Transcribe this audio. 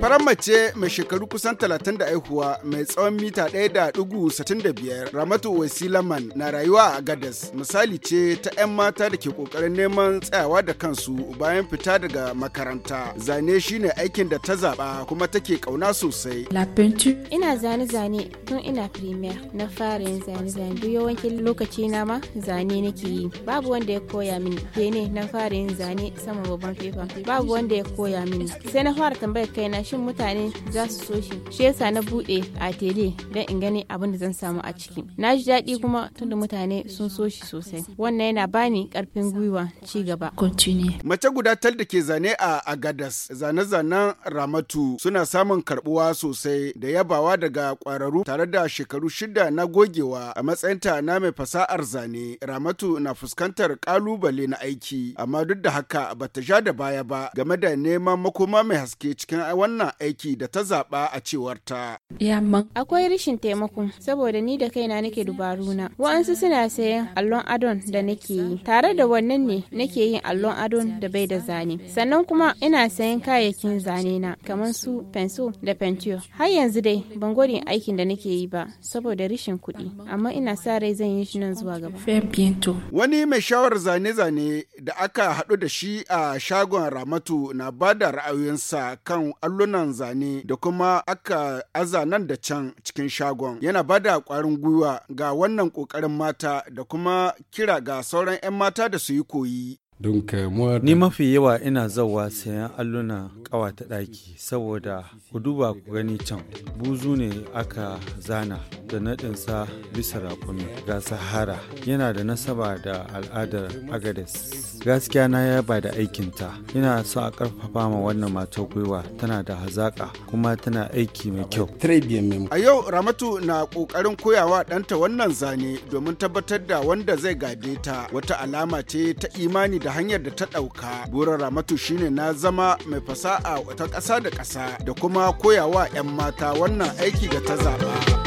Faran mace mai shekaru kusan 30 da aihuwa mai tsawon mita 1.65 Ramatu Wasilaman na rayuwa a Gadas misali ce ta 'yan mata da ke kokarin neman tsayawa da kansu bayan fita daga makaranta. Zane shine aikin da ta zaba kuma take kauna sosai. Ina zane-zane tun ina premier na fara yin zane-zane duk yawancin lokaci na ma zane nake yi. Babu wanda ya koya mini. Ke ne na fara yin zane saman babban fefa. Babu wanda ya koya mini. Sai na fara tambayar kaina shin mutane za su so shi shi yasa na bude a tele don in gani abin da zan samu a ciki na ji daɗi kuma tunda mutane sun so shi sosai wannan yana bani karfin gwiwa ci gaba mace guda tal da ke zane a agadas zane-zanen ramatu suna samun karbuwa sosai da yabawa daga kwararru tare da shekaru shida na gogewa a matsayinta na mai fasa'ar zane ramatu na fuskantar kalubale na aiki amma duk da haka bata sha da baya ba game da neman makoma mai haske cikin wannan wannan aiki da ta zaba a cewar ta. Akwai rashin taimakon saboda ni da kaina nake na Wa'ansu suna sayan allon adon da nake yi. Tare da wannan ne nake yin allon adon da bai da zane. Sannan kuma ina sayan kayayyakin zane na kamar su pencil da pentio Har yanzu dai ban gode aikin da nake yi ba saboda rishin kuɗi. Amma ina sa rai zan yi shi nan zuwa gaba. Wani mai shawar zane-zane da aka haɗu da shi a shagon Ramatu na bada ra'ayoyinsa kan allon allunan zane da kuma aka aza nan da can cikin shagon yana bada kwarin gwiwa ga wannan kokarin mata da kuma kira ga sauran 'yan mata da su yi koyi euh, Ni mafi yawa ina zawa sayan alluna ta ɗaki saboda ku duba ku gani can buzu ne aka zana da naɗinsa bisa rakumi ga sahara yana da nasaba da al'adar agades gaskiya na yaba da aikinta yana so a ƙarfafa ma wannan matar gwiwa tana da hazaƙa kuma tana aiki mai kyau a yau ramatu na ƙoƙarin koyawa ɗanta wannan zane domin tabbatar da wanda zai gade ta wata alama ce ta imani da hanyar da ta ɗauka burin ramatu shine na zama mai fasa'a ta ƙasa da ƙasa da kuma koyawa 'yan mata wannan aiki da ta zaɓa.